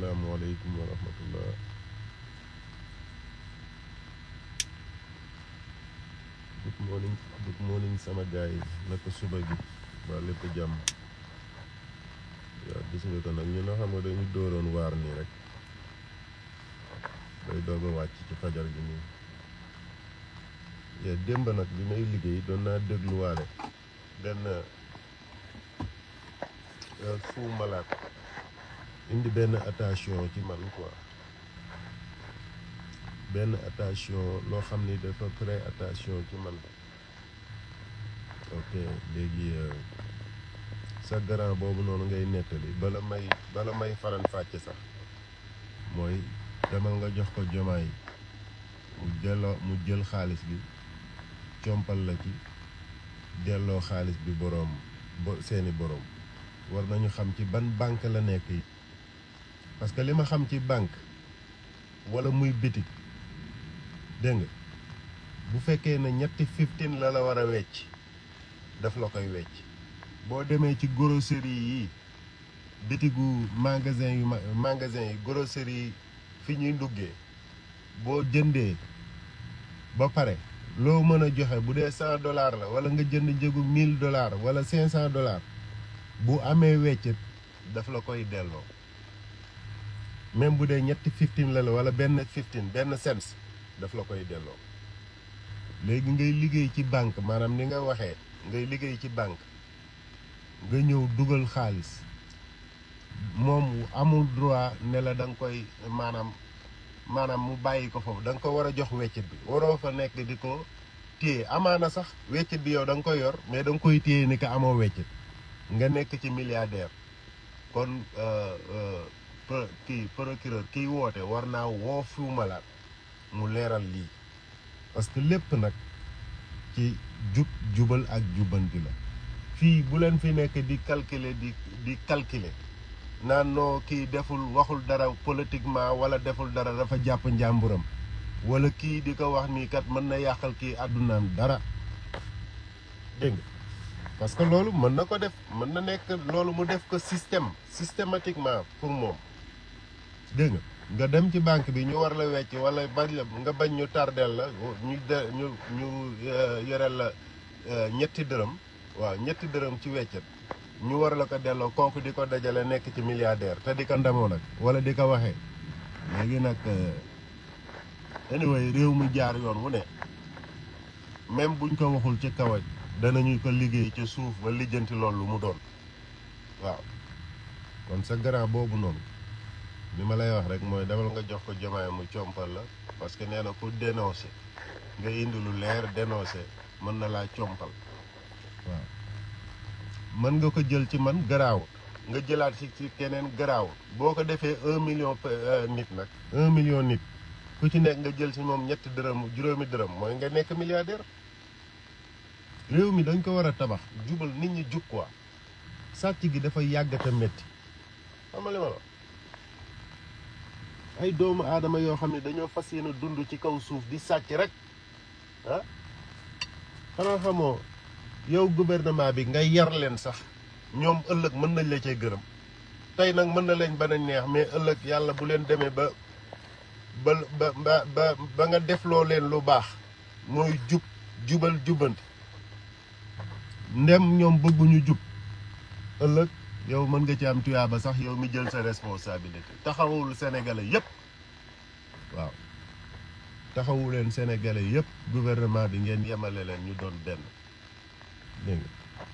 Assalamualaikum warahmatullahi good morning good morning sama guys. Nako suba gi ba lepp jam ya gis nga ko nak ñu na xam nga dañu dooron war ni rek day doga wacc ci fajar gi ni ya demb nak bi ya, may do na naa walé. Ben euh eh, eh, fu malade indi ben attention ci man quoi ben attention lo xamni ni dafa très attention ci man ok euh, sa grand bobu non ngay netali bala may bala may faran fàcce sax moy demal nga jox ko jomay mu jëlo mu jël xaliss bi chompal la ci delloo xaliss bi borom, seni borom. war nañu xam ci ban bank la nekk parce que li ma xam ci banque wala muy bitig dégg nga bu fekkee ne ñetti fifteen la la war a wecc daf la koy wecc boo demee ci grosserie yi bitigu magasin yu magasin yi grosserie yi fi ñuy duggee boo jëndee ba pare loo mën a joxe bu dee cent dollars la wala nga jënd njëgu mille dollars wala cinq cent dollars bu amee weccet daf la koy delloo même bu dee ñetti fifteen la la wala benn fifteen benn cents daf la koy delloo léegi ngay liggéey ci banque maanaam ni nga waxee ngay liggéey ci banque nga ñëw dugal xaalis moom amul droit ne la da nga koy maanaam maanaam mu bàyyi ko foofu da nga ko war a jox weccit bi waroo fa nekk di ko téye amaana sax weccit bi yow da nga koy yor mais da nga koy téye ni ko amoo weccit nga nekk ci milliardaire kon euh, euh, ba kii procureur kiy woote war naa woo Fou Malade mu leeral lii parce que ci jub jubal ak juban la fi bu leen fi nekk di calculer di di calculer nan no kii deful waxul dara politiquement wala deful dara dafa jàpp njàmburam wala ki di ko wax nii kat mën na yàqal kii àddunaam dara dégg nga parce que loolu mën na ko def mën na nekk loolu mu def ko systématiquement pour moom dégg nga nga dem ci banque bi ñu war la wecc wala bañ la nga bañ ñu tardel la ñu de ñu ñu euh, yoreel la euh, ñetti dërëm waaw ñetti dërëm ci weccet ñu war la ko delloo kooku di ko dajalee nekk ci milliardaire te di ko ndamoo nag wala di ko waxee léegi nag euh, anyway réew mu jaar yoon wu ne même buñ ko waxul ci kaw danañuy ko liggéey ci suuf ba lijjanti loolu mu doon waaw kon sa grand boobu noonu li ma lay wax rek mooy demal nga jox ko jomaay mu compal la parce que nee na pour dénoncer nga indi lu leer dénoncer mën na laa compal waaw mën nga ko jël ci man garaaw nga jëlaat si keneen garaaw boo ko defee un million euh, nit nag un million nit ku ci nekk nga jël si moom ñetti dërëm juróomi dërëm mooy nga nekk milliardaire réew mi dañ ko war a tabax jubal nit ñi jug quoi sàcc gi dafa yàgg te métti ay doomu aadama yoo xam ne dañoo fas yéene dund ci kaw suuf di sàcc rek ah xanaa xamoo yow gouvernement bi ngay yar leen sax ñoom ëllëg mën nañ la cee gërëm tey nag mën na leen ba neex mais ëllëg yàlla bu leen demee ba ba ba ba ba nga defloo leen lu baax mooy jub jubal jubanti ndem ñoom bëgguñu jub ëllëg yow mën nga ci am tuyaaba sax yow mi jël sa responsabilité taxawul sénégalais yëpp waaw taxawu leen sénégalais yëpp gouvernement bi ngeen yemale leen ñu doon benn dégg nga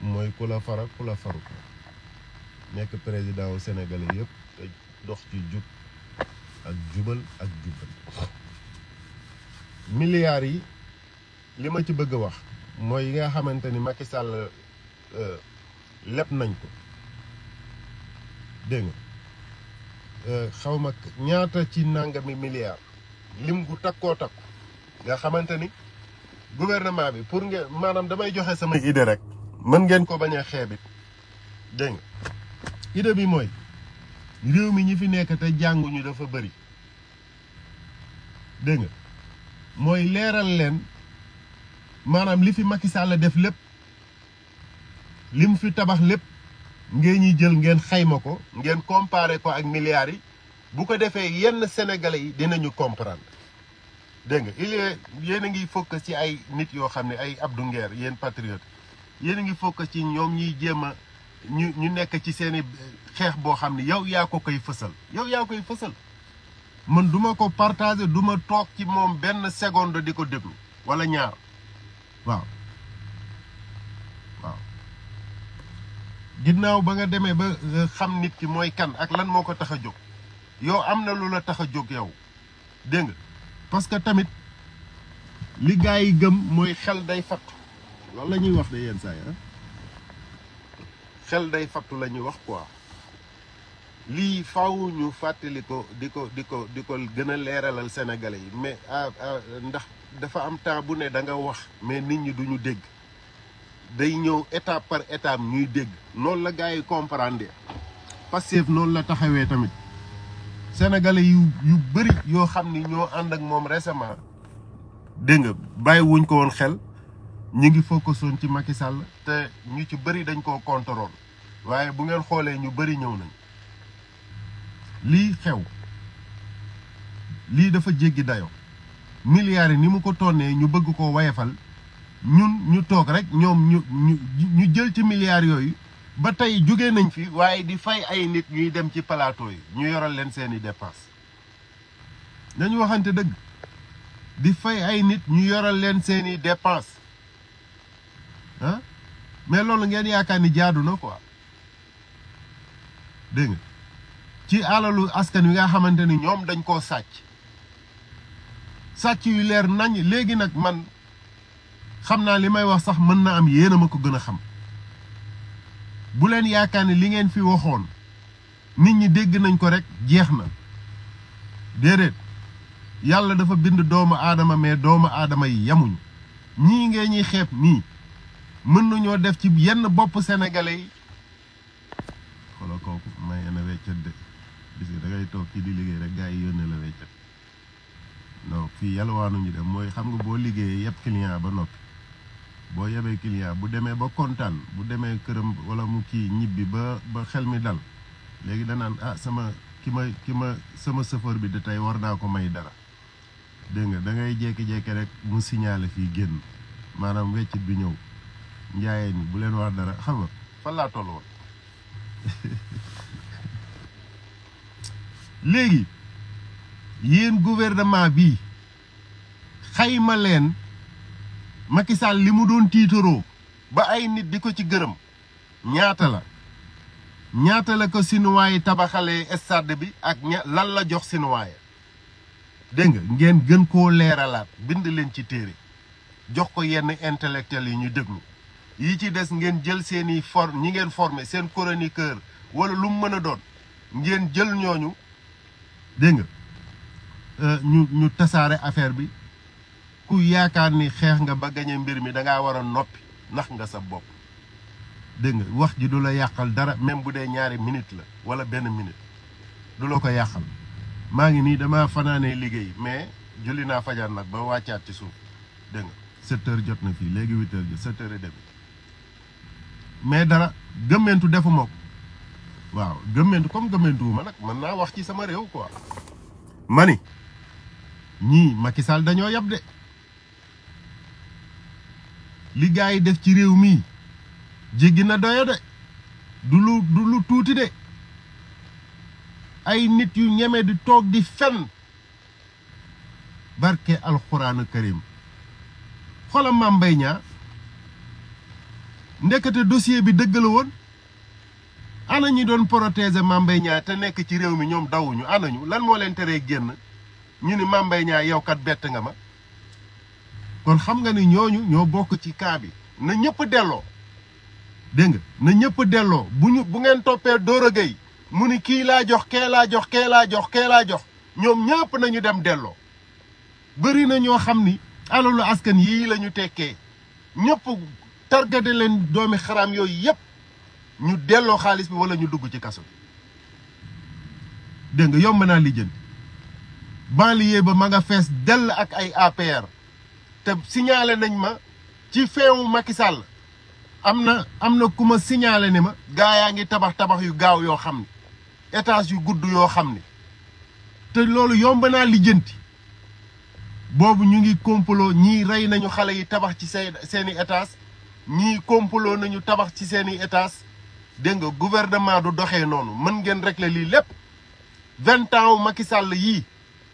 mooy ku la fara ku la faru ko nekk président wu sénégalais yëpp te dox ci jub ak jubal ak jubal milliards yi li ma ci bëgg a wax mooy yi nga xamante ni Macky Sall euh, leb nañ ko dégg nga euh, xaw ma ñaata ci nangami milliards lim gu takkoo takku nga xamante ni gouvernement bi pour nga maanaam damay joxe sama idée rek mën ngeen ko bañ a xeebit dégg nga idée bi mooy réew mi ñu fi nekk te jànguñu dafa bëri dégg nga mooy leeral leen maanaam li fi Macky Sall def lépp li mu fi tabax lépp ngeen ñuy jël ngeen xayma ko ngeen comparé ko ak milliards yi bu ko defee yenn sénégalais yi dinañu comprendre dégg nga il yéen a ngi focus ci ay nit yoo xam ne ay Abdou Nguer yéen patriote yéen a ngi focus ci ñoom ñuy jéem a ñu ñu nekk ci seen i xeex boo xam ne yow yaa ko koy fësal yow yaa koy fësal mën duma ko partager duma toog ci moom benn seconde di ko déglu wala ñaar waaw waaw ginnaaw ba nga demee ba xam nit ki mooy kan ak lan moo ko tax a jóg yow am na lu la tax a jóg yow dégg nga parce que tamit li yi gëm mooy xel day fattu loolu la ñuy wax de yenn saa yi ah. xel day fattu la ñuy wax quoi lii faw ñu fàttali ko di ko di ko di ko gën a leeralal sénégalais yi mais ah, ah, ndax dafa am temps bu ne da nga wax mais nit ñi duñu dégg day ñëw étape par étape ñuy dégg noonu la gars comprender comprendre Pastef noonu la taxawee tamit sénégalais yu yu bëri yoo xam ni ñoo ànd ak moom récemment dégg nga bàyyi wuñ ko woon xel ñu ngi focusoon ci Macky Sall te ñu ci bari dañ koo contrôle waaye bu ngeen xoolee ñu bari ñëw nañ lii xew lii dafa jéggi dayo milliards yi ni mu ko tonnee ñu bëgg ko wayefal ñun ñu toog rek ñoom ñu ñu jël ci milliards yooyu ba tey jóge nañ fi waaye di fay ay nit ñuy dem ci plateau yi ñu yoral leen seeni dépense nañu waxante dëgg di fay ay nit ñu yoral leen seeni dépense mais loolu ngeen yaakaar ni jaadu na quoi dégg nga ci alalu askan wi nga xamante ni ñoom dañ koo sàcc sàcc yu leer nañ léegi nag man. xamna limay wax sax mën na am yéen a ma ko gën a xam bu leen yaakaar ne li ngeen fi waxoon nit ñi dégg nañ ko rek jeex na déedéet yàlla dafa bind doomu aadama mais doomu aadama yi yamuñ ñii ngee ñuy xeeb nii mën nañoo def ci yenn bopp sénégalais yi xolo kooku may na weccat de gis da ngay toog ci di liggéey rek gars yi yónnee la weccat non fii yàlla waanu ñu mooy xam nga boo liggéeyee yëpp client ba noppi boo yemee client bu demee ba kontaan bu demee këram wala mu kii ñibbi ba ba xel mi dal léegi danaan ah sama ki ma ki ma sama chauffeur bi de tey war naa ko may dara dégg nga da ngay rekk jékki rek mu signaler fii génn maanaam weccit bi ñëw njaayeen ni bu leen wax dara xam nga fan laa toll woon léegi yéen gouvernement bi xayma leen Macky Sall li mu doon tiitaroo ba ay nit di ko ci gërëm ñaata la ñaata la ko sinuwaay yi tabaxalee stade bi ak lan la jox sinuwaay dégg nga ngeen gën koo leeralaat bind leen ci téere jox ko yenn intellectuels yi ñu déglu yi ci des ngeen jël seeni for ñi ngeen formé seen chroniqueur wala lu mën a doon ngeen jël ñooñu dégg nga euh, ñu ñu tasaare affaire bi ku yaakaar ni xeex nga ba gañe mbir mi dangaa war a noppi ndax nga sa bopp dégg nga wax ji du la yàqal dara même bu dee ñaari minute la wala benn minute du la ko yàqal maa ngi nii dama fanaanee liggéey mais julli naa fajar nag ba wàccaat ci suuf dégg nga sept jot na fii léegi huit heures jot sept heures mais dara gëmmentu defuma ko waaw gëmmentu comme gëmmentuwuma nag mën naa wax ci sama réew quoi mani ñii Macky Sall dañoo yab de li yi def ci réew mii jéggi na doyo de du lu du lu tuuti de ay nit yu ñeme di toog di fenn barke alxuraanu kërim xoola Mame Mbaye Niang ndekete bi dëgg la woon ana ñi doon protéger Mame Mbaye te nekk ci réew mi ñoom dawuñu ana ñu lan moo leen teree génn ñu ni Mame Mbaye Niang yow kat bett nga ma kon xam nga ni ñooñu ñoo bokk ci kaa bi na ñëpp delloo dégg nga na ñëpp delloo bu ñu bu ngeen toppee Doro Gueye mu ni kii laa jox kee laa jox kee laa jox kee laa jox ñoom ñëpp nañu dem delloo bëri na ñoo xam ni alalu askan yii la ñu tekkee ñëpp targade doomi xaraam yooyu yépp ñu delloo xaalis bi wala ñu dugg ci kaso bi dégg nga yomb naa ba ma nga fees ak ay APR te nañ ma ci feewu Macky Sall am na am na ku ma signalé ni ma gaa yaa ngi tabax tabax yu gaaw yoo xam ne étage yu gudd yoo xam ne te loolu yomb naa lijjanti boobu ñu ngi complot ñii rey nañu xale yi tabax ci seeni étage ñii complot nañu tabax ci seeni étage dégg nga gouvernement du doxee noonu mën ngeen régler lii lépp vingt ans wu Macky Sall yii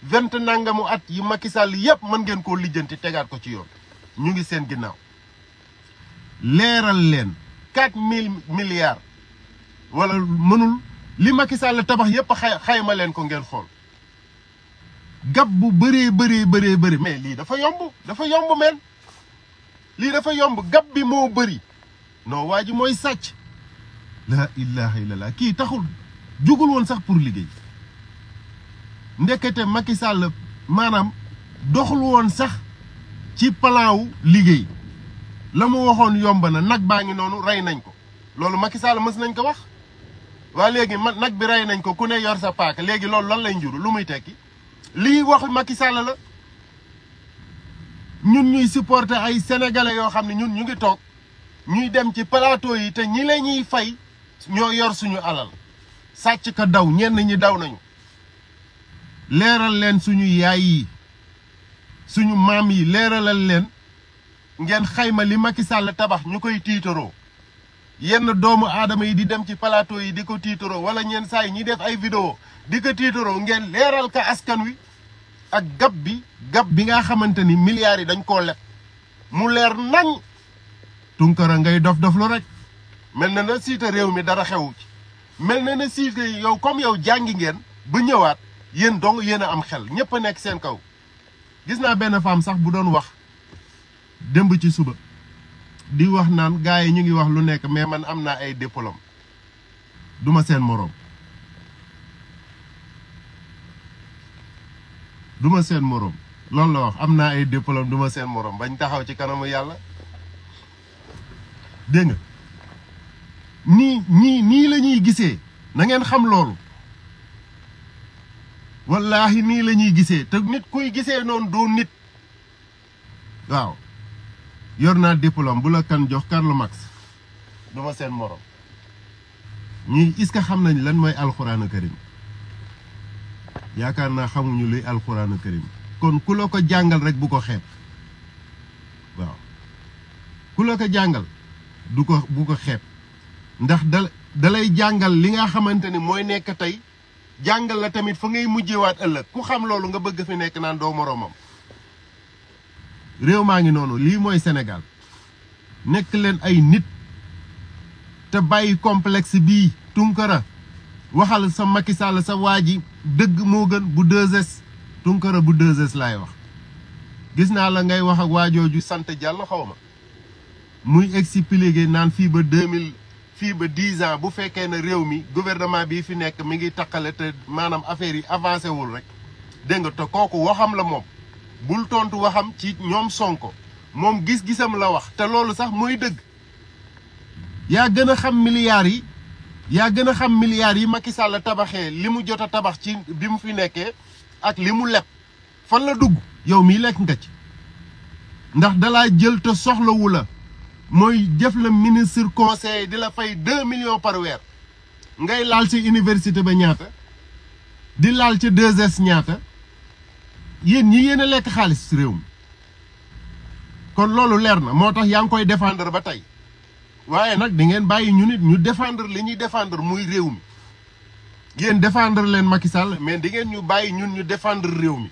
vingt nangamu at yi Macky Sall yëpp mën ngeen koo lijjanti tegaat ko ci yoon ñu ngi seen ginnaaw leeral leen quatre mille milliards wala mënul li Macky Sall tabax yëpp xayma leen ko ngeen xool gab bu bëree bëree bëree bëri mais lii dafa yomb dafa yomb meen lii dafa yomb gab bi moo bari non waa ji mooy sàcc laa ilaha illallah kii taxul jugul woon sax pour liggéey ndekete Macky Sall maanaam doxul woon sax ci plan liggéey la mu waxoon yomb na nag baa ngi noonu rey nañ ko loolu Macky Sall mës nañ ko wax waa léegi man nag bi rey nañ ko ku ne yor sa paaka léegi loolu lan lay njuru lu muy tekki lii wax Macky Sall la ñun ñuy supporter ay sénégalais yoo xam ne ñun ñu ngi toog ñuy dem ci plateau yi te ñi la ñuy fay ñoo yor suñu alal sàcc ka daw ñenn ñi daw nañu leeral leen suñu yaay yi suñu maam yi leeralal leen ngeen xayma li Macky sàll tabax ñu koy tiitaroo yenn doomu aadama yi di dem ci plateau yi di ko tiitaroo wala ñeen saa yi ñi def ay vidéo di ko tiitaroo ngeen leeral ka askan wi ak gab bi gab bi nga xamante ni milliards yi dañ koo leb mu leer nañ tunkara ngay dof dof lu rek mel na na siite réew mi dara xewu ci mel na na siite yow comme yow jàngi ngeen bu ñëwaat yéen dong yéen a am xel ñëpp a nekk seen kaw gis naa benn femme sax bu doon wax démb ci suba di wax naan gars yi ñu ngi wax lu nekk mais man am naa ay diplôme duma seen moroom duma seen moroom loolu la wax am naa ay diplôme duma seen moroom bañ taxaw ci kanamu yàlla dégg nii nii nii lañuy gisee na ngeen xam loolu wallaahi nii la ñuy gisee te nit kuy gisee noonu doo nit waaw yor naa diplôme bu la kan jox Karl Marx du ma seen morom ñi est xam nañ lan mooy alxuraanu karim yaakaar naa xamuñu luy alxuraanu karim kon ku la ko jàngal rek bu ko xeeb waaw ku la ko jàngal du ko bu ko xeeb ndax da dalay jàngal li nga xamante ni mooy nekk tey jàngal la tamit fa ngay mujjewaat ëllëg ku xam loolu nga bëgg fi nekk naan doo moroomam réew maa ngi noonu lii mooy senegal nekk leen ay nit te bàyyi complexe bii Tunkara waxal sa Macky Sall sa waa ji dëgg moo gën bu 2S Tunkara bu 2S laay wax gis naa la ngay wax ak waa waajooju sant jàll xaw ma muy expliqué naan fii ba 2000 fii ba dix ans bu fekkee ne réew mi gouvernement bii fi nekk mi ngi taqale te maanaam affaire yi avancé wul rek dégg nga te kooku waxam la moom bul tontu waxam ci ñoom Sonko moom gis-gisam la wax te loolu sax mooy dëgg yaa gën a xam milliards yi yaa gën a xam milliards yi Macky Sall tabaxee li mu jot a tabax ci bi mu fi nekkee ak li mu leb fan la dugg yow mii lekk nga ci ndax dalaa jël te soxlawu la mooy jëf la ministre conseil di la fay deux millions parweer ngay laal ci université ba ñaata di laal ci 2S ñaata yéen ñi yéen a lekk xaalis réew mi kon loolu leer na moo tax yaa ngi koy défendre ba tey waaye nag di ngeen bàyyi ñu nit ñu défendre li ñuy défendre muy réew mi yéen défendre leen Macky Sall mais di ngeen ñu bàyyi ñun ñu défendre réew mi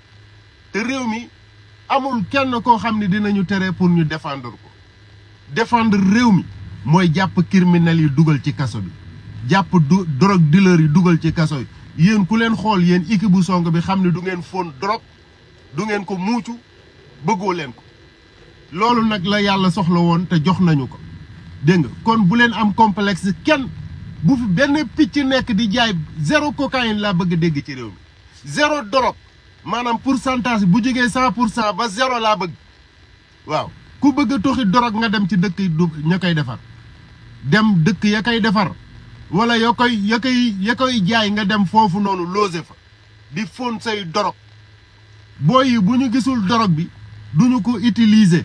te réew mi amul kenn koo xam ne dinañu tere pour ñu défendre défendre réew mi mooy jàpp criminels yi dugal ci kaso bi jàpp du drogue dealer yi dugal ci kaso yi yéen ku leen xool yéen équipe bu song bi xam ne du ngeen fóon drogue du ngeen ko muucu bëggoo leen ko loolu nag la yàlla soxla woon te jox nañu ko dégg nga kon bu leen am complexe kenn bu fi benn picc nekk di jaay zéro cocaïne laa bëgg dégg ci réew mi zéro drogue maanaam pour pourcentage bu jógee cent pour cent ba zéro laa bëgg waaw ku bëgg a toxi dorog nga dem ci dëkk yi ña koy defar dem dëkk ya koy defar wala ya koy ya ya koy jaay nga dem foofu noonu loose fa di fóon say dorog booy yi bu ñu gisul dorog bi duñu ko utiliser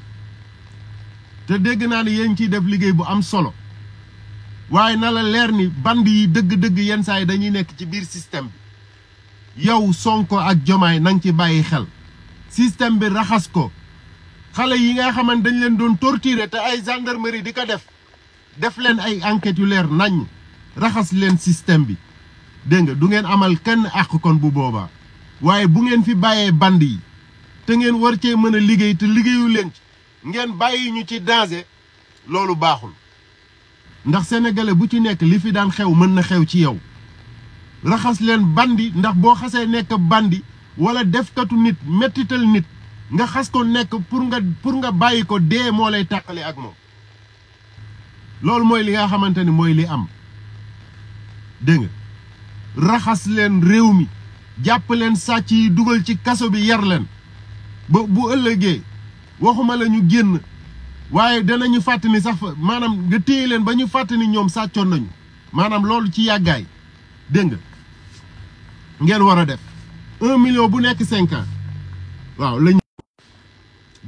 te dégg naa ni yéen ciy def liggéey bu am solo waaye na la leer ni band yi dëgg-dëgg yenn saa yi dañuy nekk ci biir système bi yow Sonko ak Jomaay na nga ci bàyyi xel système bi raxas ko xale yi nga xamante dañ leen doon torturer te ay gendarmerie di ko def def leen ay enquêtes yu leer nañ raxas leen système bi dégg nga du ngeen amal kenn àq kon bu boobaa waaye bu ngeen fi bàyyee band yi te ngeen war cee mën a liggéey te liggéeyu leen ci ngeen bàyyi ñu ci danger loolu baaxul ndax senegale bu ci nekk li fi daan xew mën na xew ci yow raxas leen bandi ndax boo xasee nekk bandi wala defkatu nit mettital nit nga xas ko nekk pour nga pour nga bàyyi ko dee moo lay tàqale ak moom loolu mooy li nga xamante ni mooy li am dégg nga raxas leen réew mi jàpp leen sàcc yi dugal ci kaso bi yar leen ba bu ëllëgee waxuma la ñu génn waaye danañu fàttani ni sax maanaam nga téye leen ba ñu fàttali ñoom sàccoon nañu maanaam loolu ci yàggaay dégg nga ngeen war a def un bu nekk cinq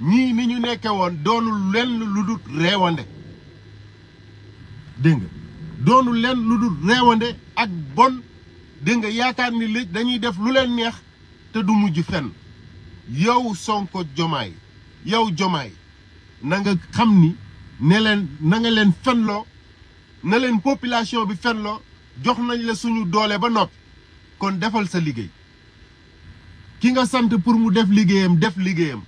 ñii ni ñu nekke woon doonul lenn lu dul reewande dégg nga doonul lenn lu dul reewande ak bon dégg nga yaakaar ni léegi dañuy def lu leen neex te du mujj fenn yow Sonko Jomaay yow Jomaay na nga xam ni ne leen na nga leen fenloo ne leen population bi fenloo jox nañ la suñu doole ba noppi kon defal sa liggéey ki nga sant pour mu def liggéeyam def liggéeyam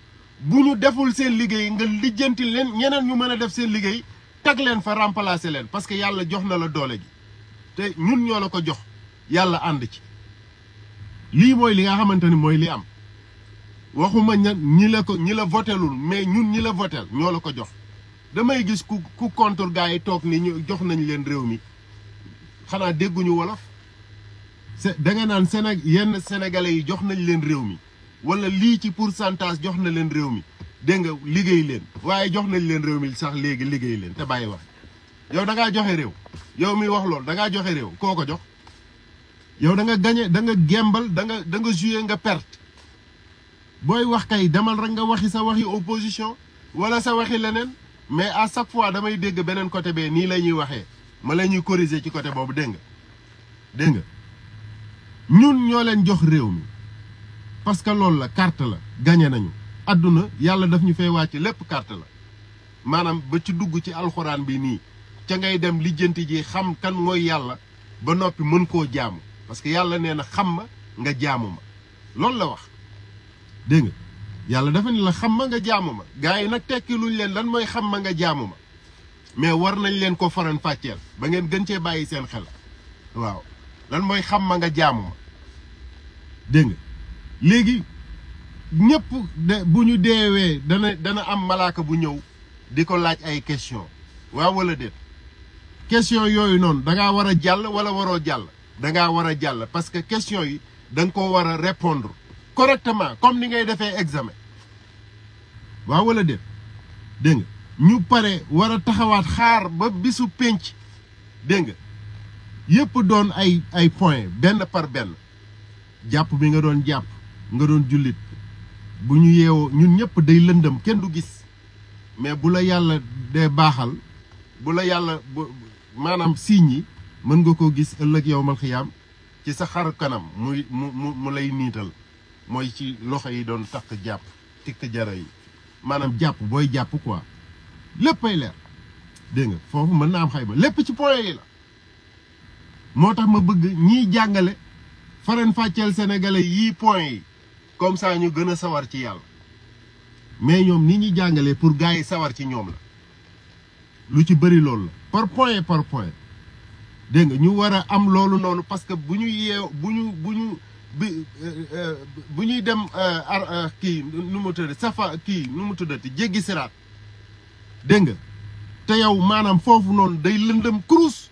bu ñu deful seen liggéey nga lijjanti leen ñeneen ñu mën a def seen liggéey teg leen fa remplacer leen parce que yàlla jox na la doole gi te ñun ñoo la ko jox yàlla ànd ci lii mooy li nga xamante ni mooy li am waxuma ña ñi la ko ñi la votelul mais ñun ñi la votel ñoo la ko jox damay gis ku ku contre gars yi toog ni ñu jox nañ leen réew mi xanaa dégguñu wolof da nga naan Séné yenn sénégalais yi jox nañ leen réew mi wala lii ci pourcentage jox na leen réew mi dégg nga liggéey leen waaye jox nañ leen réew mi sax léegi liggéey leen te bàyyi wax yow da ngaa joxe réew yow mi wax loolu da joxe réew koo ko jox yow da nga gañe da nga gembal da nga da nga nga perte booy wax kay demal rek nga waxi sa waxi opposition wala sa waxi leneen mais à chaque fois damay dégg beneen côté bee nii la ñuy waxee ma la ñuy corriger ci côté boobu dégg nga dégg nga ñun ñoo leen jox réew mi parce que lool la carte la gagné nañu aduna yalla daf ñu fay wacc lepp carte la manam ba ci dugg ci alcorane bi ni ca ngay dem lijjanti ji xam kan moy yalla ba nopi mën ko jaam parce que yalla neena na xam ma nga jaamuma lool la wax dégg nga dafa ni la xam ma nga jaamuma gaay nak tekki luñ leen lan moy xam ma nga jaamuma mais war nañ leen ko faran faccel ba ngeen gën ci bayyi seen xel waaw lan moy xam ma nga jaamuma ma léegi ñëpp bu ñu deewee dana dana am malaaka bu ñëw di ko laaj ay question waaw wala déet question yooyu noonu da ngaa war a jàll wala waroo jàll da ngaa war a jàll parce que question yi da nga ko war a répondre correctement comme ni ngay defee examen waa wala déet dégg nga ñu pare war a taxawaat xaar ba bisu pénc dégg nga yëpp doon ay ay point benn par benn jàpp bi nga doon jàpp nga doon jullit bu ñu yeewoo ñun ñëpp day lëndëm kenn du gis mais bu la yàlla dee baaxal bu la yàlla maanaam signes yi mën nga koo gis ëllëg yow mal xiyaam ci sa xaru kanam muy mu mu mu lay niital mooy ci loxo yi doon takk jàpp tikk jara yi maanaam jàpp booy jàpp quoi léppay leer dégg nga foofu mën naa am xayma lépp ci point yi la moo tax ma bëgg ñiy jàngale faren fàcceel sénégalais yii point yi comme ça ñu gën a sawar ci yàlla mais ñoom ni ñuy jàngalee pour gars yi sawar ci ñoom la lu ci bëri loolu la par point par point dégg nga ñu war a am loolu noonu parce que bu ñu bu ñu bu ñu bi euh, euh, ñuy dem euh, ar kii nu mu tudd safa kii nu mu tuddati jéggi siraat dégg nga te yow maanaam foofu noonu day lëndëm kurus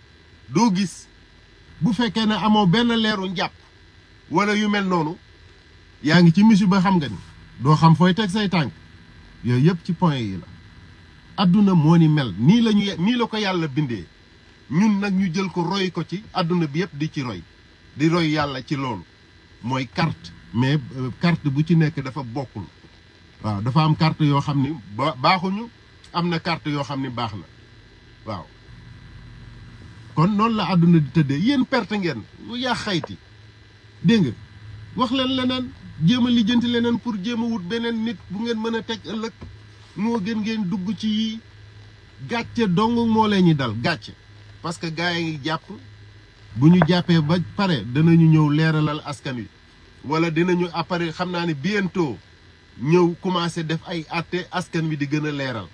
doo gis bu fekkee ne amoo benn leeru njàpp wala yu mel noonu yaa ngi ci ba xam nga ni doo xam fooy teg say tànk yooyu yëpp ci point yi la àdduna moo ni mel nii la ñu ko yàlla bindee ñun nag ñu jël ko roy ko ci àdduna bi yëpp di ci roy di roy yàlla ci loolu mooy kart mais euh, carte bu ci nekk dafa bokkul waaw dafa am carte yoo xam ni baaxuñu am na carte yoo xam ni baax na waaw kon noonu la àdduna di tëddee yéen perte ngeen yaa xayti dégg nga wax leen leneen jéem a lijjanti leneen pour jéema wut beneen nit bu ngeen mën a teg ëllëg moo gën ngeen dugg ci yi gàcce dong moo leen ñi dal gàcce parce que gars yi ngi jàpp bu ñu jàppee ba pare danañu ñëw leeralal askan wi wala dinañu appare xam naa ne bientôt ñëw commencé def ay atte askan wi di gën a leeral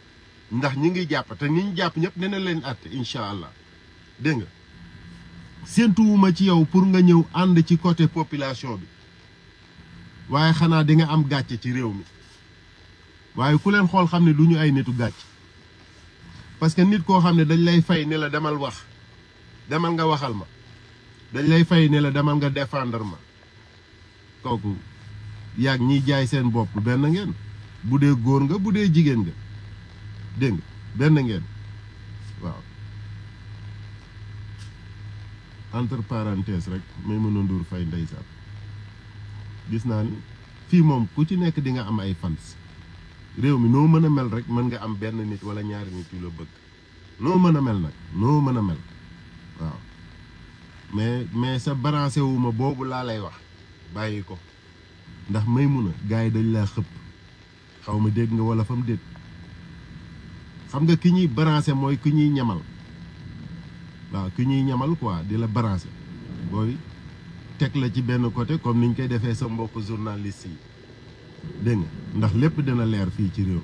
ndax ñi ngi jàpp te ñu jàpp ñëpp dina leen atte incha allah dégg nga séentuwuma ci yow pour nga ñëw ànd ci côté population bi waaye xanaa dinga am gàcce ci réew mi waaye ku leen xool xam ne du ñu ay nitu gàcce parce que nit koo xam ne dañ lay fay ne la demal wax demal nga waxal ma dañ lay fay ne la demal nga défendre ma kooku yàgg ñiy jaay seen bopp benn ngeen bu dee góor nga bu dee jigéen nga dégg nga benn ngeen waaw entre parenthèse rek may mën a fay ndeysaan gis naa ni fii moom ku ci nekk di nga am ay fans réew mi noo mën a mel rek mën nga am benn nit wala ñaari nit yu la bëgg noo mën a mel nag noo mën a mel waaw mais mais sa branché wu boobu laa lay wax bàyyi ko ndax may mun a gars yi dañ laa xëpp xaw ma dégg nga wala fa dégg xam nga ki ñuy branché mooy ki ñuy ñamal waaw ki ñuy ñamal quoi di la branché booy. teg la ci benn côté comme ni koy defee sa mbokk journaliste yi dégg nga ndax lépp dina leer fii ci réew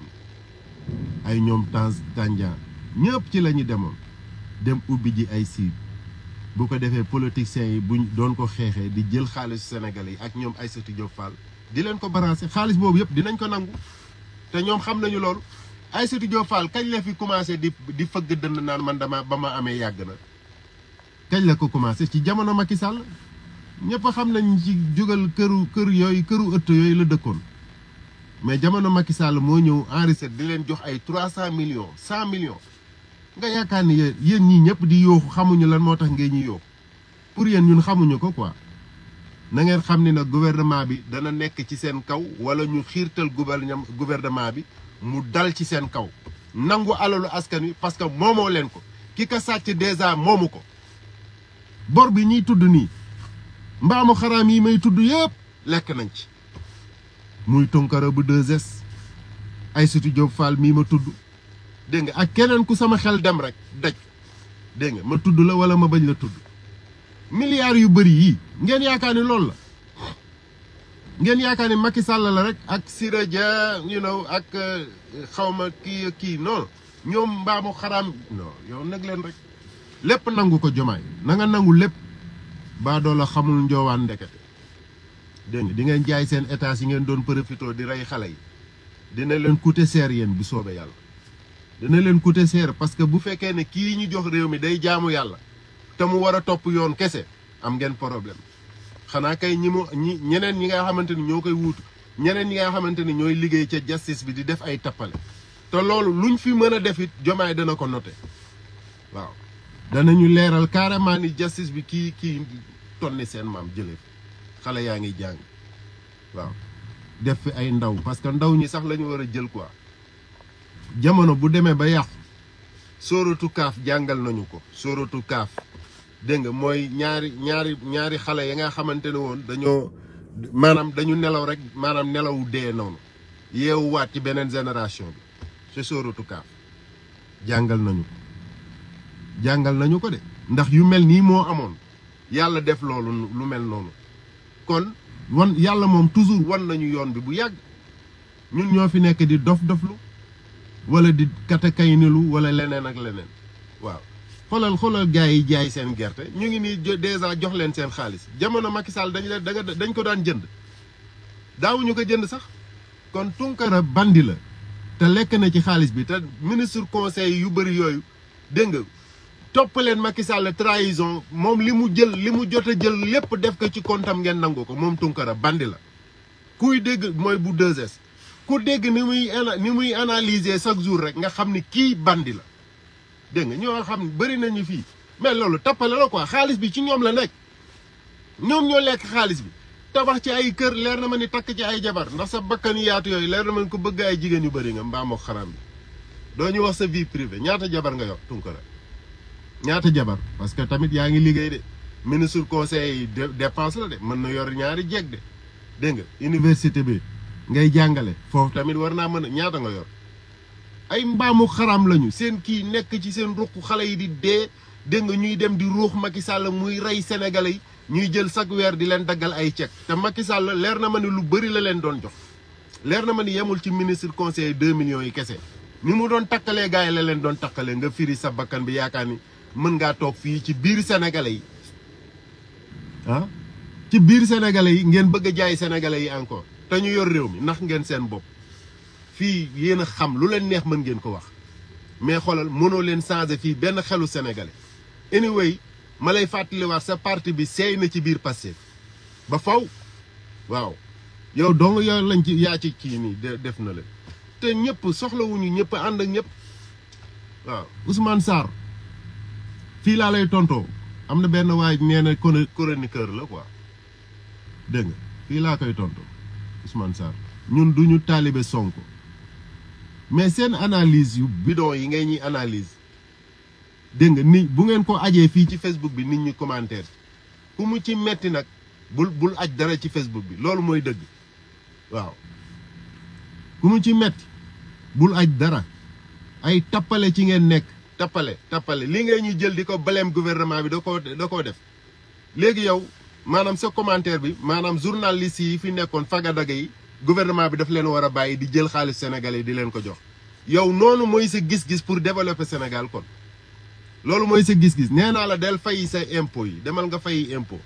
mi ay ñoom temps tànjaan ñëpp ci la ñu demoon dem ubbi ji ay siib bu ko defee politiciens yi buñ doon ko xeexee di jël xaalisu Sénégalais yi ak ñoom Aïssatou Diop Fall di leen ko balancé xaalis boobu yëpp dinañ ko nangu te ñoom xam nañu loolu Aïssatou Diop Fall kañ la fi commencé di di fëgg dënd naan man dama ba ma amee yàgg na kañ la ko commencé ci jamono i Sall ñëpp xam nañ ci jógal këru kër yooyu këru ëtt yooyu la dëkkoon mais jamono Macky Sall moo ñëw enrichir di leen jox ay trois cent millions cent millions nga yaakaar ni yéen ñii ñëpp di yooxu xamuñu lan moo tax ngeen ñuy yooxu pour yéen ñun xamuñu ko quoi na ngeen xam ni na gouvernement bi dana nekk ci seen kaw wala ñu xiirtal gouvernement bi mu dal ci seen kaw nangu alalu askan wi parce que moomoo leen ko ki ko sàcc dèjà moomu ko bor bi ñuy tudd nii mbaamu xaraam yi may tuddu yeb lek nañ ci muy tonkara bu 2S Aïssatou job Fall mi ma tuddu de nga ak kenen ku sama xel dem rek daj de nga ma tuddu la wala ma bañ la tuddu milliard yu yi ngeen la ngeen Macky Sall la rek ak Sira Dia you know ak eh, xawma ki ki non ñom mbaamu xaraam non yow nak len rek lepp nangu ko jomay na nga nangu lepp do la xamul njoowaan ndekete dengan di ngeen jaay seen état si ngeen doon profito di ray xalé yi dina leen coûter cher yeen bu soobee yalla dina leen coûter cher parce que bu fekke ne ki ñu jox rew mi day jaamu yalla te mu wara top yoon kese am ngeen problème xana kay ñi mu ñeneen ñi nga xamanteni ñokay wut ñeneen ñi nga xamanteni ñoy liggéey justice bi di def ay tapale te loolu luñ fi mën def dana ko noter waaw dana ñu leeral carrément ni justice bi kii kii tonne seen maam jëlee xale yaa ngi jàng waaw def fi ay ndaw parce que ndaw ñi sax lañu ñu war a jël quoi jamono bu demee ba yàqu sóoratu kaaf jàngal nañu ko sóoratu kaaf dégg nga mooy ñaari ñaari ñaari xale ya nga xamante ne woon dañoo maanaam dañu nelaw rek maanaam nelawu dee noonu waat ci beneen génération bi ci sóoratu kaaf jàngal nañu jàngal nañu ko de ndax yu mel nii moo amoon yàlla def loolu lu mel noonu kon wan yàlla moom toujours wan nañu yoon bi bu yàgg ñun ñoo fi nekk di dof doflu wala di katakay nilu wala leneen ak leneen waaw xoolal xoolal gars yi jaay seen gerte ñu ngi nii dèjà jox leen seen xaalis jamono Macky Sall dañ leen dañ ko daan jënd daawuñu ko jënd sax kon Tunkara bandi la te lekk na ci xaalis bi te ministre conseil yu bëri yooyu dégg nga topp leen Macky Sall trahison moom li mu jël li mu jot a jël lépp def ko ci kontam ngeen nangu ko moom Tunkara bandi la kuy dégg mooy bu 2 ku dégg ni muy ni muy analyser chaque jour rek nga xam ni kii bandi la dégg nga ñoo xam bëri nañu fii mais loolu tappale la quoi xaalis bi ci ñoom la nekk ñoom ñoo lekk xaalis bi tabax ci ay kër leer na ma ni takk ci ay jabar ndax sa bakkan yaatu yooyu leer na ma ni ko bëgg ay jigéen yu bëri nga mbaamoo xaram bi doo ñu wax sa vie privée ñaata jabar nga yor Tunkara ñaata jabar parce que tamit yaa ngi liggéey de ministre conseil dépense la de mën na yor ñaari jeeg de dégg nga université bi ngay jàngale foofu tamit war naa mën a ñaata nga yor ay mbaamu xaram lañu seen kii nekk ci seen ruq xale yi di dee dégg nga ñuy dem di ruux Macky Sall muy rey sénégalais yi ñuy jël chaque weer di leen daggal ay chèque te Macky Sall leer na ma ni lu bëri la leen doon jox leer na ma ni yemul ci ministre conseil deux millions yi kese ni mu doon takkalee gars yi la leen doon takkalee nga firi sa bakkan bi yaakaar ni mën ngaa toog fii ci biir sénégalais yi ah ci biir sénégalais yi ngeen bëgg a jaay sénégalais yi encore te ñu yor réew mi ndax ngeen seen bopp fii yéen a xam lu leen neex mën ngeen ko wax mais xoolal mënoo leen changer fii benn xelu sénégalais anyway ma lay fàttaliwaat sa parti bi seey na ci biir Pastef ba faw waaw yow dong yow lañ ci yaa ci kii nii def na leen te ñëpp soxlawuñu ñëpp ànd ak ñëpp waaw Ousmane fii laa lay tontoo am na benn waay nee na chroniqueur la quoi dégg nga fii koy tontoo Ousmane Sarr ñun duñu taalibe sonk mais seen analyse yu bidon yi ngay ñuy analyse dégg nga ni bu ngeen ko ajee fii ci Facebook bi nit ñi commentaire ku mu ci metti nag bul bul aj dara ci Facebook bi loolu mooy dëgg waaw ku mu ci metti bul aj dara ay tappale ci ngeen nekk tappale tappale li ngay ñuy jël di ko baleem gouvernement bi da ko da koo def léegi yow maanaam sa commentaire bi maanaam journaliste yi fi nekkoon fagadaga yi gouvernement bi daf leen war a bàyyi di jël xaalis Sénégal di leen ko jox yow noonu mooy sa gis-gis pour développer Sénégal kon loolu mooy sa gis-gis nee naa la del fay say impôt yi demal nga fay impôt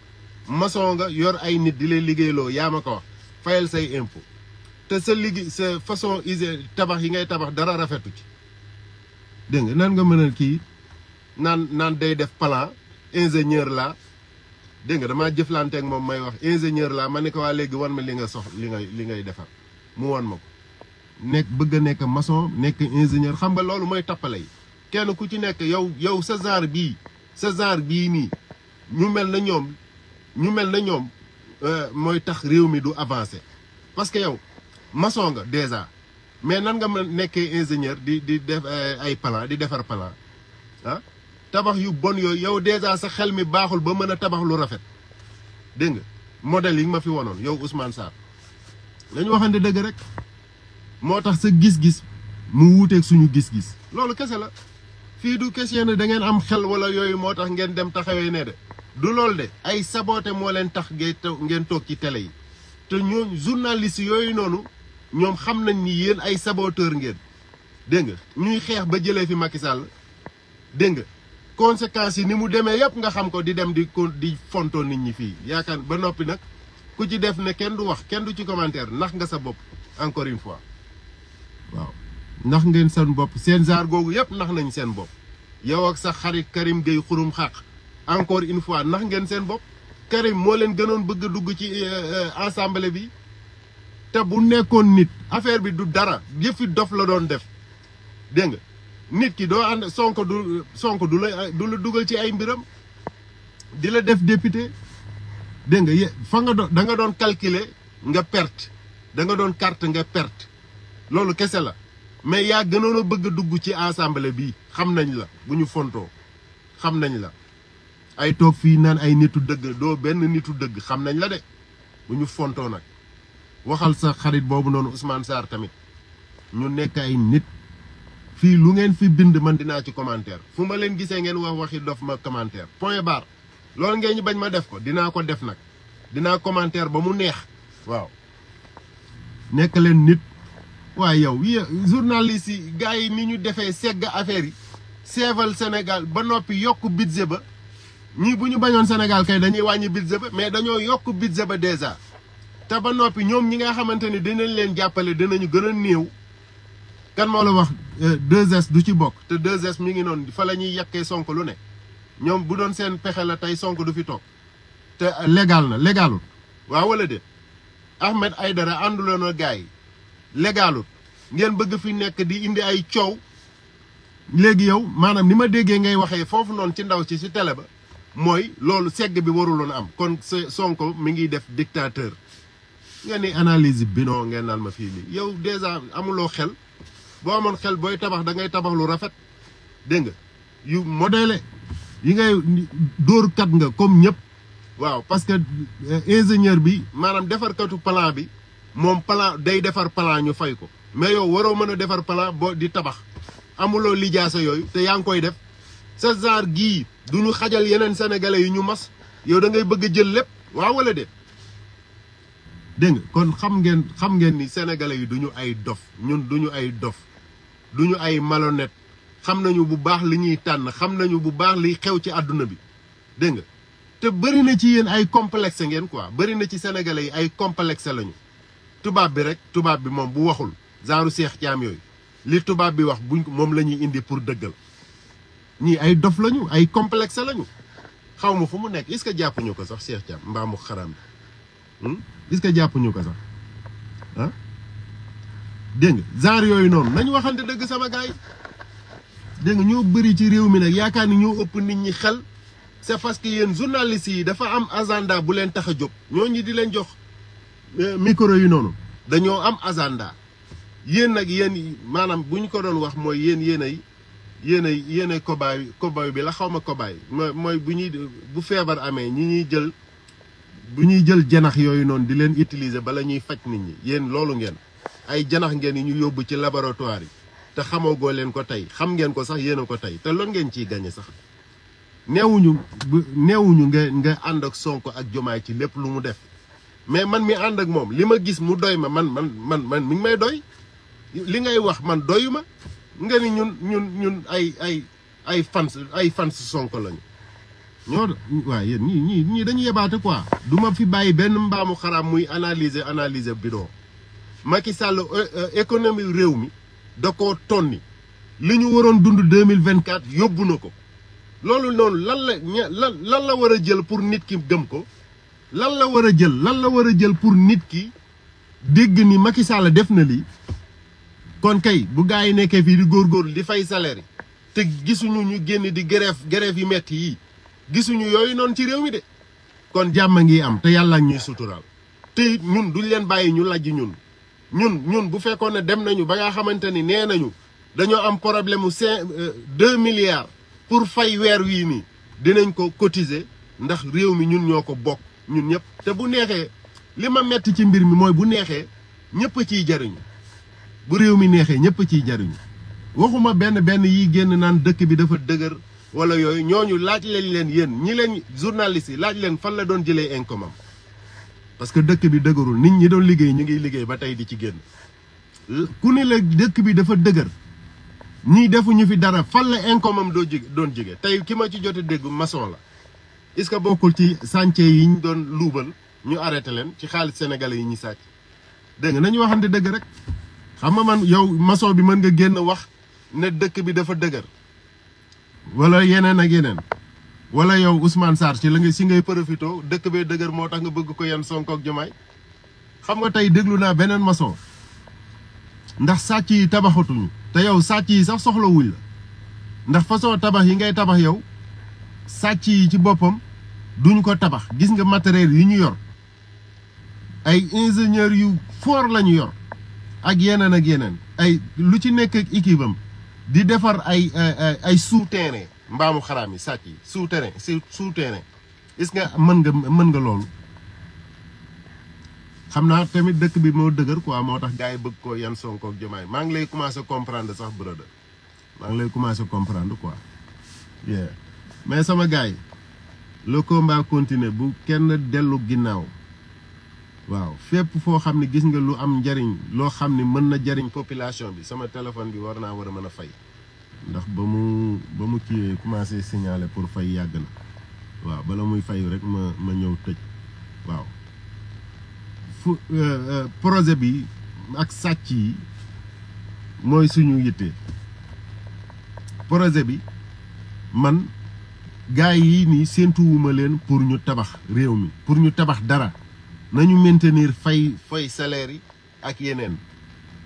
maçon nga yor ay nit di lay liggéeyloo yaa ma ko wax fayal say impôt te sa liggéey sa façon use tabax yi ngay tabax dara rafetu ci dégg nga naan nga mën kii naan naan day def plan ingénieur laa dégg nga damaa jëflante ak moom may wax ingénieur la ma ne ko waa léegi wan ma li nga sox li ngay li ngay defar mu wan ma ko nekk bëgg a nekk maçon nekk ingénieur xam nga loolu mooy tappale yi kenn ku ci nekk yow yow sa bii sa bii nii ñu mel na ñoom ñu mel na ñoom euh, mooy tax réew mi du avancer parce que yow maçon nga déjà mais nan nga mën nekkee ingénieur di di def eh, ay palaa di defar palaa ah tabax yu bon yooyu yow dèjà sa xel mi baaxul ba mën a tabax lu rafet dégg nga modèle yi nga ma fi wonoon yow Ousmane Sarr dañu waxante dëgg rek moo tax sa gis-gis mu wuuteeg suñu gis-gis loolu kese la fii du question ne da ngeen am xel wala yooyu moo tax ngeen dem taxawee ne de du lool de ay saboté moo leen tax ngeen toog ci tele yi te ñooñu journaliste yooyu noonu ñom xam nañ ni yeen ay saboteur ngeen dégg nga ñuy xex ba jëlé fi Macky Sall dégg nga conséquences ni mu démé yépp nga xam ko di dem di ko di fonto nit ñi fi yaakaar ba nopi nak ku ci def ne kenn du wax kenn du ci commentaire nax nga sa bop encore une fois waaw nax ngeen sa bop seen genre gogu yépp nax nañ seen bop yow ak sa xarit Karim Gueye xurum xaq encore une fois nax ngeen seen bop Karim mo leen gënon bëgg dugg ci assemblée euh, euh, bi te bu nekkoon nit affaire bi du dara yëfi dof la doon def dégg nga nit ki doo ànd sonk du sonk du la du la dugal ci ay mbiram di la def député dégg nga fa nga doon da nga doon calculer nga perte da nga doon carte nga perte loolu kese la mais yaa gënoon a bëgg dugg ci assemblée bi xam nañ la bu ñu fontoo xam nañ la ay toog fii naan ay nitu dëgg doo benn nitu dëgg xam nañ la de bu ñu fontoo nag waxal sa xarit bobu non Ousmane Sarr tamit ñu nekk ay nit fi lu ngeen fi bind man dina ci commentaire fu ma leen gisee ngeen wax waxi dof ma commentaire point bar lool ngeen ñu bañ ma def ko dina ko def nak dina commentaire ba mu neex waaw nekk leen nit waaye yow journaliste yi gars yi ni ñu defee ségg affaire yi seeval Sénégal ba nopi yokku budget ba ñi buñu bañoon Sénégal kay dañuy wañi budget ba mais dañoo yokku budget ba déjà te ba noppi ñoom ñi nga xamante ni dinañ leen jàppale dinañu gën a néew kan moo la wax 2S euh, du ci bokk te 2 mi ngi noonu fa la ñuy yàkkee Sonko lu ne ñoom bu doon seen pexe la tey sonk du fi toog te euh, legal na légalul waaw wala déet Ahmed Aïdara ànduloon na gars yi légalul ngeen bëgg fi nekk di indi ay coow léegi yow maanaam ni ma déggee ngay waxee foofu noonu ci ndaw ci si tele ba mooy loolu segg bi waruloon am kon Sonko mi ngi def dictateur ngeen di analyse binoo ngeen naan ma fii nii yow dèjà amuloo xel boo amoon xel booy tabax dangay tabax lu rafet dégg nga yu modele yi ngay dóorkat nga comme ñëpp waaw parce que euh, ingénieur bi maanaam defarkatu plan bi moom plan day defar plan ñu fay ko mais yow waroo mën a defar plan boo di tabax amuloo lijaa sa yooyu te yaa ngi koy def sa genre gii du ñu xajal yeneen sénégalais yu ñu mas yow da ngay bëgg jël lépp waaw wala de dégg nga kon xam ngeen xam ngeen ni sénégalais yi duñu ay dof ñun duñu ay dof duñu ay malhonnête xam nañu bu baax li ñuy tànn xam nañu bu baax liy xew ci àdduna bi dégg nga te bëri na ci yéen ay complexe ngeen quoi bëri na ci sénégalais yi ay complexe lañu tubaab bi rek tubaab bi moom bu waxul genre Cheikh Thiam yooyu li tubaab bi wax buñ ko moom la ñuy indi pour dëggal ñii ay dof lañu ay complexe lañu xaw ma fu mu nekk est-ce que jàppuñu ko sax Cheikh Thiam mbaamu xaram bi hmm? gis nga jàppuñu ko sax ah dégg nga genre yooyu noonu nañu waxante dëgg sama gaay dégg nga ñoo bëri ci réew mi nag yaakaar ni ñoo ëpp nit ñi xel c'est parce que yéen journalistes yi dafa am agenda bu leen tax a jóg ñooñu di leen jox euh, micro yi noonu dañoo am agenda yéen nag yéen maanaam bu ñu ko doon wax mooy yéen yéen yéen ay yéen kobaay kobaay bi la xaw ma kobaay mooy bu ñuy bu feebar amee ñi ñuy jël bu ñuy jël janax yooyu noonu di leen utiliser bala ñuy faj nit ñi yéen loolu ngeen ay janax ngeen yi ñu yóbbu ci laboratoire yi te xamagoo leen ko tey xam ngeen ko sax yéen ko tey te loolu ngeen ciy gañe sax neewuñu neewuñu nga nga ànd ak Sonko ak Jomaay ci lépp lu mu def mais man mi ànd ak moom li ma gis mu doy ma man man man man mi ngi may doy li ngay wax man doyu ma nga ni ñun ñun ñun ay ay ay fans ay fans Sonko lañu ñoo waaw ñii ñii ñii dañu yebaate quoi du ma fi bàyyi benn mbaamu xaraam muy analyser analyser bidon Macky Sall euh, euh, économie réew mi da koo tonni li ñu waroon dund deux mille vingt quatre yóbbu na ko loolu noonu lan la ña lan la war a jël pour nit ki gëm ko lan la war a jël lan la war a jël pour nit ki dégg ni Macky Sall def na li kon kay bu gars yi nekkee fii di góor di fay salaire yi te gisuñu ñu génn di grève grève yi metti yi gisuñu yooyu noonu ci réew mi de kon jàmm a ngi am te yàlla ñuy suturaal te it ñun duñ leen bàyyi ñu lajj ñun ñun ñun bu fekkoon ne dem nañu ba nga xamante ni nee nañu dañoo am problème mu cinq euh, deux milliards pour fay weer wii nii dinañ ko cotiser ndax réew mi ñun ñoo ko bokk ñun ñëpp te bu neexee li ma metti ci mbir mi mooy bu neexee ñëpp ciy jariñu bu réew mi neexee ñëpp ciy jariñu waxuma benn benn yi génn naan dëkk bi dafa dëgër wala yooyu ñoo ñu laaj leen leen yéen ñi leen journaliste yi laaj leen fan la doon jëlee income parce que dëkk bi dëgërul nit ñi doon liggéey ñu ngi liggéey ba tey di ci génn ku ne la dëkk bi dafa dëgër ñii defuñu fi dara fan la income doo jig doon jige tey ki ma ci jote a dégg maçon la est-ce que bokkul ci chantier yi ñu doon luubal ñu arrêté leen ci xaalis sénégalais yi ñu sàcc dégg nga nañu waxante dëgg rek xam nga man yow maçon bi mën nga génn wax ne dëkk bi dafa dëgër wala yeneen ak yeneen wala yow Ousmane Sarr ci la nga si ngay profité dëkk bee dëgër moo tax nga bëgg ko yan Sonko ak Jomaay xam nga tey déglu naa beneen maçon ndax sàcc yi tabaxatuñu te yow sàcc yi sax soxlawuñ la ndax façon tabax yi ngay tabax yow sàcc yi ci boppam duñ ko tabax gis nga matériel yi ñu yor ay ingénieur yu fort la ñu yor ak yeneen ak yeneen ay lu ci nekk ak di defar ay ay souterrain mbaamu xaraam yi sàcc yi souterrain souterrain est-ce que mën nga mën nga loolu xam naa tamit dëkk bi moo dëgër quoi moo tax gars yi bëgg koo yan Sonko ak Diomaye maa ngi lay commencé comprendre sax brother maa ngi lay commencé comprendre koi yeah mais sama gars yi ko combat continue bu kenn dellu ginnaaw waaw fépp foo xam ne gis nga lu am njariñ loo xam ni mën na jariñ population bi sama téléphone bi war naa war a mën a fay ndax ba mu ba mu kiiwee commencé signaler pour fay yàgg na waaw bala muy fayu rek ma ma ñëw tëj waaw fu euh, euh, projet bi ak sàcc yi mooy suñu yitte projet bi man gars yi ni séentuwuma leen pour ñu tabax réew mi pour ñu tabax dara nañu maintenir fay fay salaire yi ak yeneen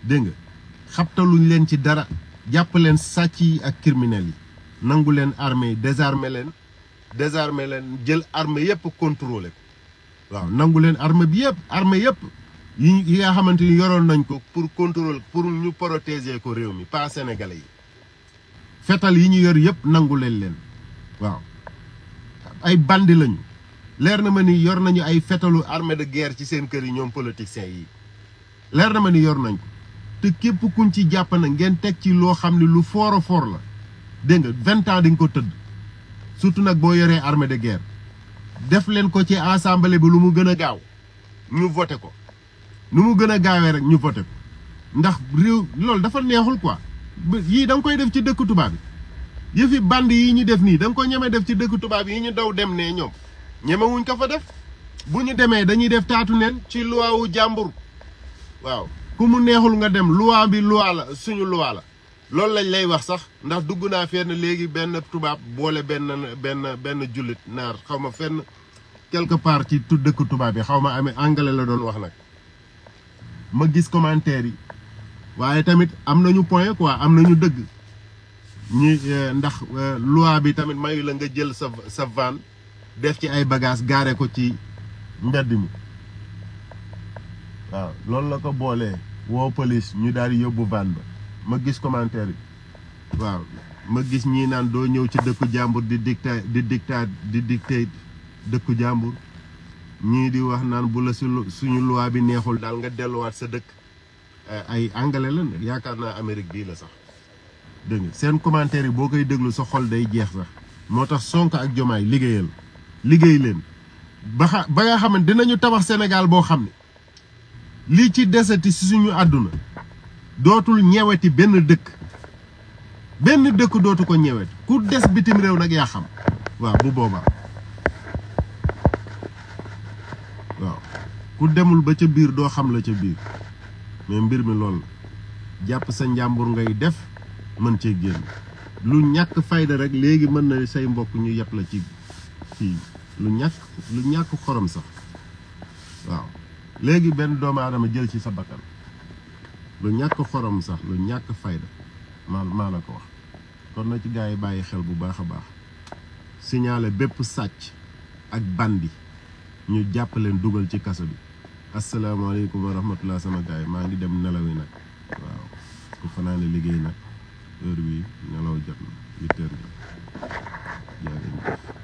dégg nga xabtaluñ leen ci dara jàpp leen sàcc yi ak criminels yi nangu leen armée yi désarmé leen désarmé leen jël armée yëpp contrôlé ko waaw nangu leen armée bi yëpp armée yëpp yi yi nga xamante ni yoroon nañ ko pour contrôle pour ñu protéger ko réew mi pas sénégalais yi fetal yi ñu yor yëpp nangu leen leen waaw ay bandi lañu leer na ma ni yor nañu ay fetalu armée de ci seen kër yi ñoom politiciens yi leer na ma ni yor nañ ko te képp kuñ ci jàpp na ngeen teg ci loo xam ne lu foor a foor la dégg nga vingt ans di ko tëdd surtout nag boo yoree armée de def leen ko ci assemblée bi lu mu gën a gaaw ñu voté ko nu mu gën a gaawee rek ñu voté ko ndax réew loolu dafa neexul quoi yii da koy def ci dëkk tubaab yi yëfi band yi ñu def nii da nga ko ñemee def ci dëkk tubaab yi ñu daw dem ne ñoom ñemewuñ ko fa def bu ñu demee dañuy def taatu neen ci loi jàmbur waaw ku mu neexul nga dem loi bi loi la suñu loi la loolu lañ lay wax sax ndax dugg naa fenn léegi benn tubaab boole benn benn benn jullit naar xaw ma fenn quelque part ci tu dëkk tubaab yi xawma ma amee anglais la doon wax nag ma gis commentaire yi waaye tamit am nañu point quoi am nañu dëgg ñi euh, ndax euh, loi bi tamit mayu la nga jël sa sa van def ci ay bagages gaare ko ci mbedd mi waaw loolu la ko boolee woo polis ñu daal di yóbbu baat ba ma gis commentaire bi waaw ma gis ñii naan doo ñëw ci dëkku jàmbur di dicta di dicta di dicté dëkku jàmbur ñii di wax naan bu la su suñu luwaa bi neexul daal nga delluwaat sa dëkk eh, ay anglais la yaakaar naa Amérique bii la sax dégg nga seen commentaire yi boo koy déglu sa xol day jeex sax moo tax Sonko ak Jomaay liggéeyal liggéey leen ba xa ba nga xam dinañu tabax Sénégal boo xam ne lii ci desati si suñu àdduna dootul ñeweti benn dëkk benn dëkk dootu ko ñewet ku des bitim réew nag yaa xam waaw bu boobaa waaw ku demul ba ca biir doo xam la ca biir mais mbir mi lool jàpp sa njàmbur ngay def mën cee génn lu ñàkk fayda rek léegi mën na say mbokk ñu yepp la ci kii hmm. lu ñàkk lu ñàkk xorom sax waaw léegi benn doomu aadama jël ci sa bakkan lu ñàkk xorom sax lu ñàkk fayda maa maa la ko wax kon na ci gars yi bàyyi xel bu baax a baax siñaale bépp sàcc ak bandi ñu jàpp leen dugal ci kaso bi asalaamaaleykum wa rahmatullah sama gars yi maa ngi dem nelawi nag waaw ku fanaane liggéey nag heure bi nelaw jot na huit heures